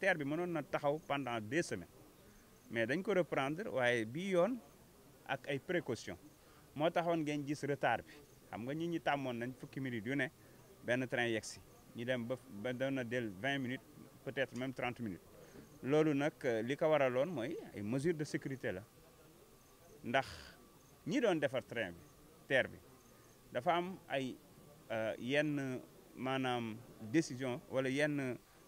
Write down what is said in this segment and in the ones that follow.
terre bi mënoon na taxaw pendant deux semaines mais dañ ko reprendre waaye bii yoon ak ay précautions moo taxoon ngeen gis retard bi xam nga ñi ñi tàmmoon nañ fukki minutes yu ne benn train yegg si ñu dem ba ba doon na del 20 minutes peut-être même 30 minutes loolu nag euh, li ko waraloon mooy ay mesures de sécurité la ndax ñi doon defar train bi terre bi dafa am ay euh, yenn maanaam décision wala yenn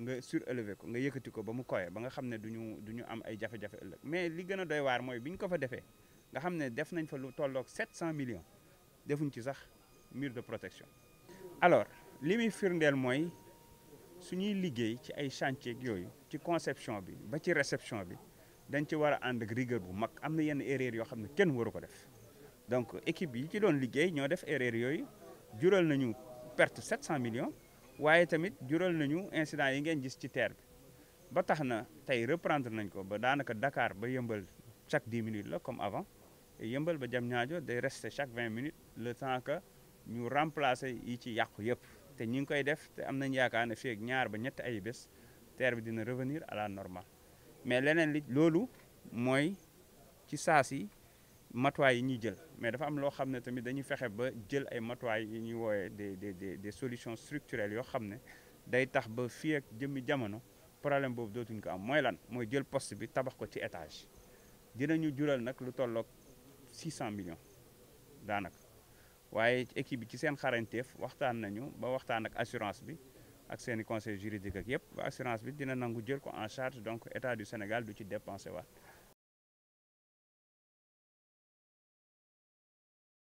nga surélevé ko nga yëkëti ko ba mu koyee ba nga xam ne duñu du am ay jafe-jafe ëllëg mais li gën a doy waar mooy biñ ko fa defee nga xam ne def nañ fa lu tolloog 700 millions defuñ ci sax mur de protection alors li muy firndeel mooy suñuy liggéey ci ay chantier yooyu ci conception bi ba ci réception bi dañ ci war a ànd ak rigueur bu mag am na yenn erreur yoo xam ne kenn waru ko def donc équipe yi ci doon liggéey ñoo def erreur yooyu jural nañu perte 700 millions waaye tamit jural nañu incident yi ngeen gis ci terre bi ba tax na tey reprendre nañ ko ba daanaka Dakar ba yëmbal chaque dix minutes la comme avant yembal ba jam ñaajo day rester chaque 20 minutes le temps que ñu remplacer yi ci yàqu yëpp te ñi ngi koy def te am nañ yaakaar ne fii ak ñaar ba ñetti ay bés terre bi dina revenir à la normale mais leneen li loolu mooy ci saa si matuwaay yi ñuy jël mais dafa am loo xam ne tamit dañuy fexe ba jël ay matuwaay yi ñuy woowee des des des solutions structurelles yoo xam ne day tax ba fii ak jëmmi jamono problème boobu dootuñ ko am mooy lan mooy jël poste bi tabax ko ci étage dinañu jural nag lu tolloog 600 millions daanaka waaye équipe bi ci seen xarañteef waxtaan nañu ba waxtaan ak assurance bi ak seen conseil juridique ak yëpp ba assurance bi dina nangu jël ko en charge donc état du Sénégal du ci dépensé waat